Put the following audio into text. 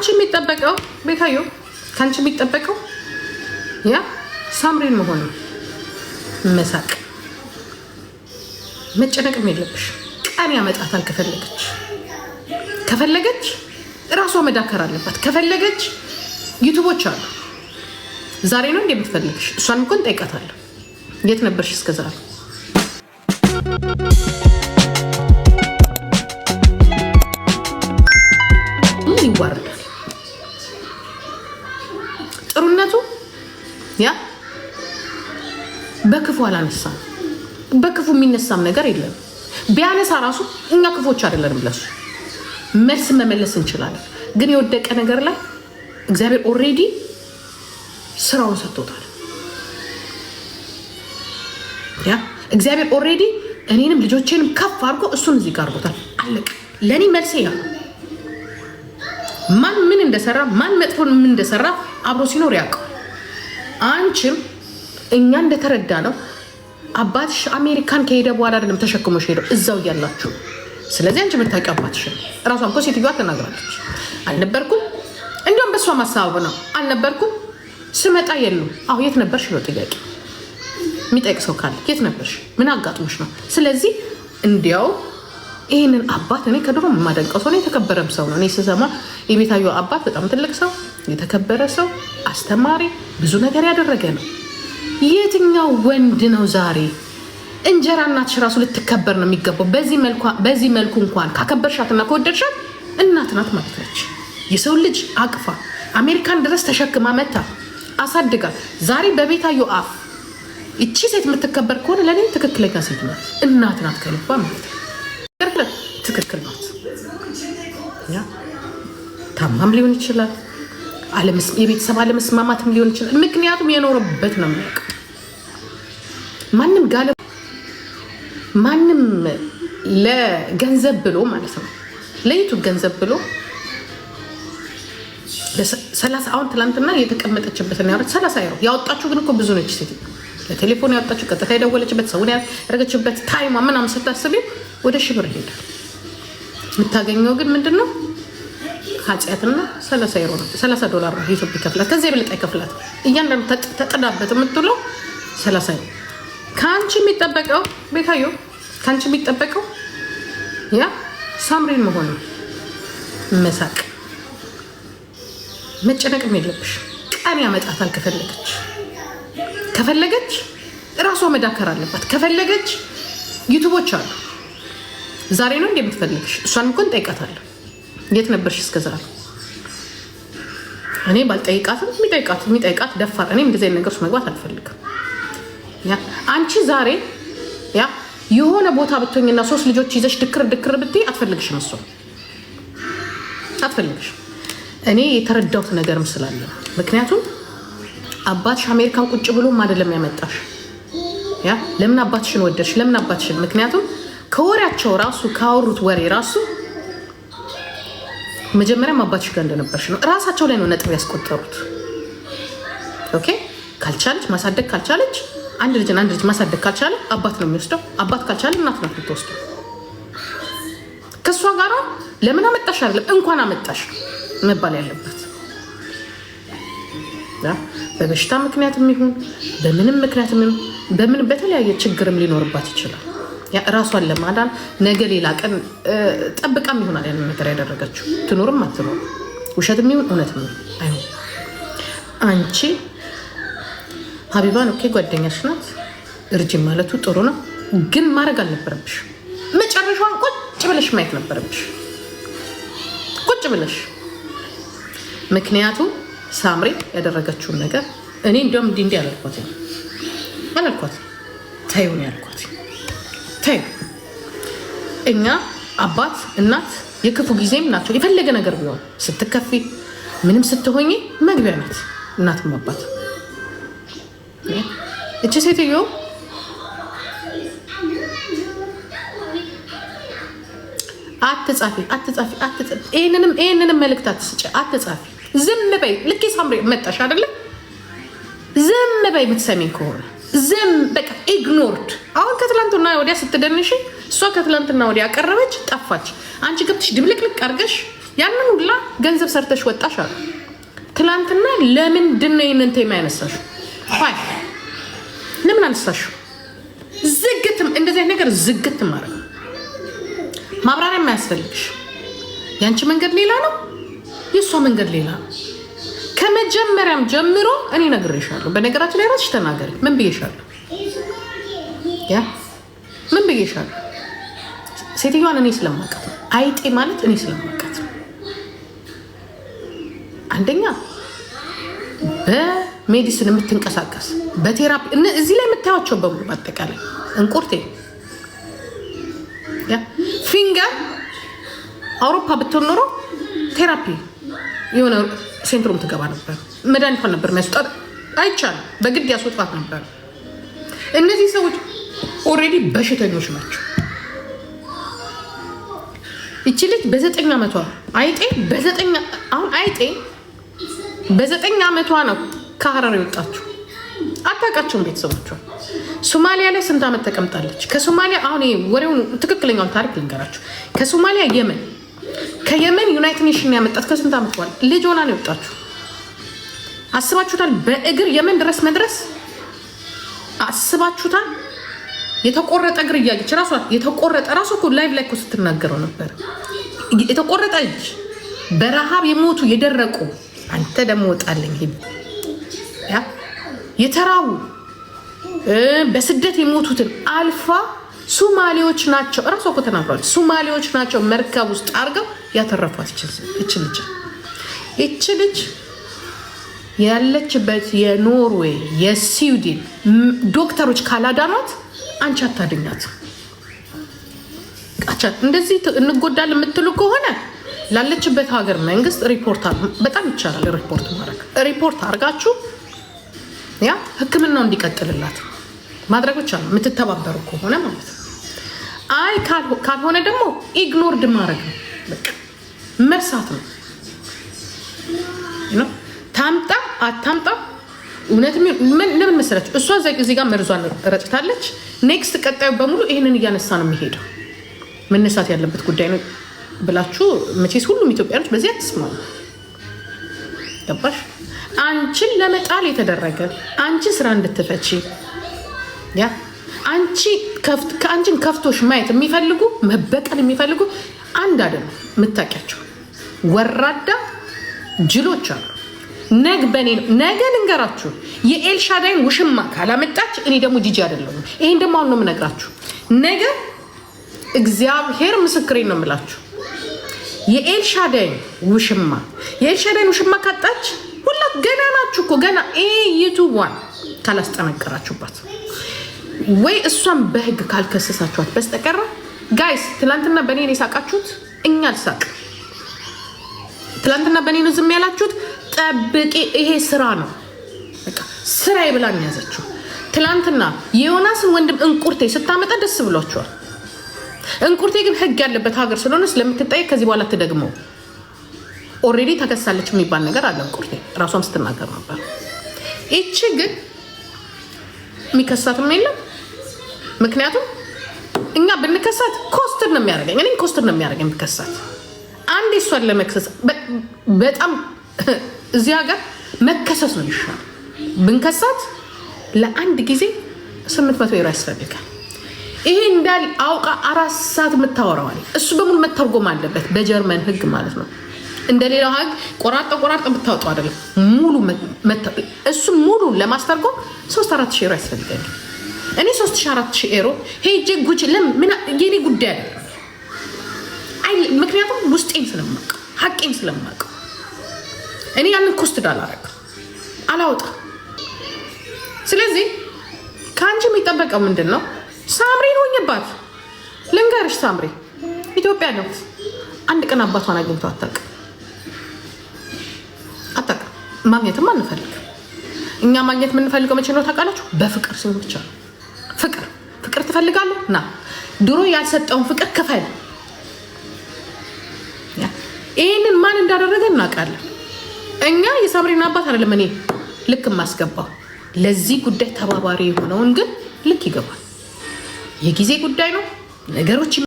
አንቺ የሚጠበቀው ቤታዮ ከአንቺ የሚጠበቀው ያ ሳምሪን መሆኑ መሳቅ መጨነቅም የለብሽ። ቀን ያመጣታል። ከፈለገች ከፈለገች እራሷ መዳከር አለባት። ከፈለገች ዩቱቦች አሉ። ዛሬ ነው እንደምትፈልግሽ። እሷን እንኳን ጠይቃታለሁ። የት ነበርሽ እስከዛሬ? ያ በክፉ አላነሳም። በክፉ የሚነሳም ነገር የለም። ቢያነሳ ራሱ እኛ ክፎች አይደለንም። ለሱ መልስ መመለስ እንችላለን። ግን የወደቀ ነገር ላይ እግዚአብሔር ኦልሬዲ ስራውን ሰጥቶታል። ያ እግዚአብሔር ኦልሬዲ እኔንም ልጆቼንም ከፍ አድርጎ እሱን እዚህ ጋር አድርጎታል። አለቅ ለእኔ መልሴ ያ ማን ምን እንደሰራ ማን መጥፎን ምን እንደሰራ አብሮ ሲኖር ያውቀው አንቺም እኛ እንደተረዳ ነው አባትሽ አሜሪካን ከሄደ በኋላ አይደለም ተሸክሞሽ ሄደው እዛው እያላችሁ። ስለዚህ አንቺ የምታውቂው አባትሽ እራሷን እኮ ሴትዮዋ ተናግራለች። አልነበርኩም እንዲሁም በእሷ ማሳበብ ነው አልነበርኩም ስመጣ የሉ አሁ የት ነበርሽ ነው ጥያቄ የሚጠይቅ ሰው ካለ የት ነበርሽ ምን አጋጥሞሽ ነው ስለዚህ እንዲያው ይህንን አባት እኔ ከድሮ የማደንቀው ሰው የተከበረም ሰው ነው እኔ ስሰማ የቤታዩ አባት በጣም ትልቅ ሰው የተከበረ ሰው፣ አስተማሪ፣ ብዙ ነገር ያደረገ ነው። የትኛው ወንድ ነው ዛሬ እንጀራ እናትሽ ራሱ ልትከበር ነው የሚገባው። በዚህ መልኩ እንኳን ካከበርሻትና ከወደድሻት እናት ናት ማለት ነች። የሰው ልጅ አቅፋ አሜሪካን ድረስ ተሸክማ መታ አሳድጋ ዛሬ በቤታዮ አፍ እቺ ሴት የምትከበር ከሆነ ለእኔ ትክክለኛ ሴት ናት፣ እናት ናት ከልባ ማለት ትክክል ናት። ታማም ሊሆን ይችላል የቤተሰብ አለመስማማትም ሊሆን ይችላል። ምክንያቱም የኖረበት ነው የሚያውቅ ማንም ጋለ ማንም ለገንዘብ ብሎ ማለት ነው ለዩቱብ ገንዘብ ብሎ ሰላሳ አሁን ትላንትና የተቀመጠችበትን ያረ ሰላሳ ያው ያወጣችሁ ግን እኮ ብዙ ነች ሴት ለቴሌፎን ያወጣችሁ ቀጥታ የደወለችበት ሰውን ያደረገችበት ታይማ ምናምን ስታስቢ ወደ ሺህ ብር ይሄዳል። የምታገኘው ግን ምንድን ነው? ኃጢአትና ሰላሳ ዶላር ነው ኢትዮጵያ ይከፍላት። ከዚ የበለጠ ይከፍላት። እያንዳንዱ ተጥዳበት የምትውለው ሰላሳ ነው። ከአንቺ የሚጠበቀው ቤታዮ፣ ከአንቺ የሚጠበቀው ያ ሳምሪን መሆን መሳቅ መጨነቅም የለብሽ። ቀን ያመጣታል። ከፈለገች ከፈለገች እራሷ መዳከር አለባት። ከፈለገች ዩቱቦች አሉ። ዛሬ ነው እንደምትፈልግሽ እሷን እኮ እንጠይቃታለሁ። የት ነበርሽ እስከ እኔ ባልጠይቃትም የሚጠይቃት የሚጠይቃት ደፋር። እኔ እንደዚህ ነገር ነገሮች መግባት አልፈልግም። አንቺ ዛሬ ያ የሆነ ቦታ ብትሆኝና ሶስት ልጆች ይዘሽ ድክር ድክር ብትይ አትፈልግሽም፣ እሱ አትፈልግሽም። እኔ የተረዳሁት ነገርም ስላለ ምክንያቱም አባትሽ አሜሪካን ቁጭ ብሎም አይደለም ያመጣሽ። ያ ለምን አባትሽን ወደድሽ? ለምን አባትሽን ምክንያቱም ከወሬያቸው ራሱ ካወሩት ወሬ ራሱ መጀመሪያም አባትሽ ጋር እንደነበርሽ ነው። እራሳቸው ላይ ነው ነጥብ ያስቆጠሩት። ኦኬ ካልቻለች ማሳደግ ካልቻለች አንድ ልጅን አንድ ልጅ ማሳደግ ካልቻለ አባት ነው የሚወስደው። አባት ካልቻለ እናት ናት የምትወስደው። ከእሷ ጋር ለምን አመጣሽ አይደለም እንኳን አመጣሽ መባል ያለበት በበሽታ ምክንያት የሚሆን በምንም ምክንያት በምን በተለያየ ችግርም ሊኖርባት ይችላል። ራሷን ለማዳን ነገ ሌላ ቀን ጠብቃም ይሆናል ያንን ነገር ያደረገችው። ትኖርም አትኖር፣ ውሸትም ይሁን እውነትም አይሆን አንቺ ሀቢባን ኦኬ፣ ጓደኛሽ ናት። እርጅን ማለቱ ጥሩ ነው፣ ግን ማድረግ አልነበረብሽ። መጨረሻዋን ቁጭ ብለሽ ማየት ነበረብሽ፣ ቁጭ ብለሽ። ምክንያቱም ሳምሬ ያደረገችውን ነገር እኔ እንዲያውም እንዲህ እንዲህ አላልኳት አላልኳት ተይውን ያልኳት እኛ አባት እናት የክፉ ጊዜም ናቸው። የፈለገ ነገር ቢሆን ስትከፊ ምንም ስትሆኝ መግቢያ ናት እናትም አባት። እቺ ሴትዮ አትጻፊ አትጻፊ አትጻፊ፣ ይህንንም ይሄንንም መልእክት አትስጭ፣ አትጻፊ። ዝም በይ። ልክ ሳምሪ መጣሽ አይደለ? ዝም በይ። የምትሰሚኝ ከሆነ ዝም በቃ ኢግኖርድ። አሁን ከትላንትና ወዲያ ስትደንሽ እሷ ከትላንትና ወዲያ ያቀረበች ጠፋች። አንቺ ገብትሽ ድብልቅልቅ አድርገሽ ያንን ሁላ ገንዘብ ሰርተሽ ወጣሽ አሉ። ትላንትና ለምንድን ነው ይህንን ቴማ ለምን አነሳሽው? ዝግትም እንደዚህ ነገር ዝግት ማድረግ ማብራሪያ የማያስፈልግሽ። የአንቺ መንገድ ሌላ ነው፣ የእሷ መንገድ ሌላ ነው። ከመጀመሪያም ጀምሮ እኔ ነግሬሻለሁ። በነገራችን ላይ ራስሽ ተናገሪ። ምን ብዬሻለሁ? ምን ብዬሻለሁ? ሴትዮዋን እኔ ስለማውቃት አይጤ ማለት እኔ ስለማውቃት አንደኛ በሜዲሲን የምትንቀሳቀስ በቴራፒ እዚህ ላይ የምታያቸው በሙሉ በአጠቃላይ እንቁርቴ ፊንገር አውሮፓ ብትሆን ኖሮ ቴራፒ የሆነ ሴንትሮም ትገባ ነበር። መድኃኒቷን ነበር የሚያስወጣት። አይቻልም፣ በግድ ያስወጣት ነበር። እነዚህ ሰዎች ኦልሬዲ በሽተኞች ናቸው። እቺ ልጅ በዘጠኝ ዓመቷ አይጤ በዘጠኝ አሁን አይጤ በዘጠኝ ዓመቷ ነው ከሀረር የወጣችሁ አታውቃቸውም ቤተሰቦቿን። ሶማሊያ ላይ ስንት ዓመት ተቀምጣለች። ከሶማሊያ አሁን ወሬውን ትክክለኛውን ታሪክ ልንገራችሁ። ከሶማሊያ የመን፣ ከየመን ዩናይትድ ኔሽን ያመጣት ከስንት ዓመት በኋላ ልጅ ሆና ነው የወጣችሁ። አስባችሁታል? በእግር የመን ድረስ መድረስ አስባችሁታል? የተቆረጠ እግር እያየች ራሷ የተቆረጠ ራሱ እኮ ላይቭ ላይ እኮ ስትናገረው ነበር። የተቆረጠ እጅ፣ በረሃብ የሞቱ የደረቁ፣ አንተ ደግሞ ወጣለኝ የተራቡ በስደት የሞቱትን አልፋ ሱማሌዎች ናቸው እራሷ እኮ ተናግሯል። ሱማሌዎች ናቸው መርከብ ውስጥ አድርገው ያተረፏት እች ልጅ እች ልጅ ያለችበት የኖርዌይ የስዊድን ዶክተሮች ካላዳኗት አንቺ አታድኛት። እንደዚህ እንጎዳል የምትሉ ከሆነ ላለችበት ሀገር መንግስት ሪፖርት በጣም ይቻላል። ሪፖርት ማድረግ ሪፖርት አድርጋችሁ ያ ህክምናው እንዲቀጥልላት ማድረግ ብቻ ነው የምትተባበሩ ከሆነ ማለት ነው። አይ ካልሆነ ደግሞ ኢግኖርድ ማድረግ ነው፣ መርሳት ነው። ታምጣ አታምጣ እውነት ለምን መሰለች እሷ እዚህ ጋር መርዟን ረጭታለች። ኔክስት ቀጣዩ በሙሉ ይህንን እያነሳ ነው የሚሄደው። መነሳት ያለበት ጉዳይ ነው ብላችሁ መቼስ ሁሉም ኢትዮጵያኖች በዚህ አትስማሙ። ገባሽ? አንቺን ለመጣል የተደረገ አንቺ ስራ እንድትፈቺ ያ አንቺ ከአንቺን ከፍቶሽ ማየት የሚፈልጉ መበቀል የሚፈልጉ አንድ አይደለም። የምታውቂያቸው ወራዳ ጅሎች አሉ። ነግ በእኔ ነው። ነገ ልንገራችሁ። የኤልሻዳይን ውሽማ ካላመጣች እኔ ደግሞ ጂጂ አይደለሁም። ይሄን ደግሞ አሁን ነው የምነግራችሁ። ነገ እግዚአብሔር ምስክሬን ነው የምላችሁ። የኤልሻዳይን ውሽማ የኤልሻዳይን ውሽማ ካጣች ሁላት ገና ናችሁ እኮ ገና ዩቱቧን ካላስጠነቀራችሁባት ወይ እሷን በህግ ካልከሰሳችኋት በስተቀር ጋይስ፣ ትላንትና በእኔ ነው የሳቃችሁት። እኛ አልሳቅ። ትላንትና በእኔ ነው ዝም ያላችሁት። ጠብቂ፣ ይሄ ስራ ነው ስራ ይብላ የሚያዘችው። ትላንትና የዮናስን ወንድም እንቁርቴ ስታመጣ ደስ ብሏቸዋል። እንቁርቴ ግን ህግ ያለበት ሀገር ስለሆነ ስለምትጠየቅ ከዚህ በኋላ ትደግሞ ኦሬዲ ተከሳለች የሚባል ነገር አለ። እንቁርቴ ራሷም ስትናገር ነበር። ይቺ ግን የሚከሳትም የለም። ምክንያቱም እኛ ብንከሳት ኮስትር ነው የሚያደርገኝ፣ እኔ ኮስትር ነው የሚያደርገኝ ብከሳት። አንድ እሷን ለመክሰስ በጣም እዚህ ሀገር መከሰስ ነው ይሻል። ብንከሳት ለአንድ ጊዜ ስምንት መቶ ዩሮ ያስፈልጋል። ይሄ እንዳል አውቃ አራት ሰዓት የምታወራዋል። እሱ በሙሉ መተርጎም አለበት በጀርመን ህግ ማለት ነው። እንደ ሌላው ህግ ቆራርጠ ቆራርጠ ብታወጡ አይደለም ሙሉ እሱ ሙሉ ለማስተርጎም ሶስት አራት ሺህ ሮ ያስፈልጋል። እኔ ሶስት ሺህ አራት ሺህ ሮ ሄጄ ጉጭ ለምን የኔ ጉዳይ አይደለም። ምክንያቱም ውስጤን ስለማውቅ ሀቄን ስለማውቅ እኔ ያንን ኮስትድ አላረግ አላወጣ። ስለዚህ ከአንቺ የሚጠበቀው ምንድን ነው? ሳምሪን ሆኝባት። ልንገርሽ፣ ሳምሪ ኢትዮጵያ ነው። አንድ ቀን አባቷን አግኝቶ አታውቅም፣ አታውቅም። ማግኘትም አንፈልግም እኛ። ማግኘት የምንፈልገው መቼ ነው ታውቃላችሁ? በፍቅር ሲሆን ብቻ ነው። ፍቅር ፍቅር ትፈልጋለህ ና ድሮ ያልሰጠውን ፍቅር ክፈል። ይህንን ማን እንዳደረገ እናውቃለን። እኛ የሳምሪን አባት አይደለም እኔ ልክ የማስገባው ለዚህ ጉዳይ ተባባሪ የሆነውን ግን ልክ ይገባል። የጊዜ ጉዳይ ነው ነገሮች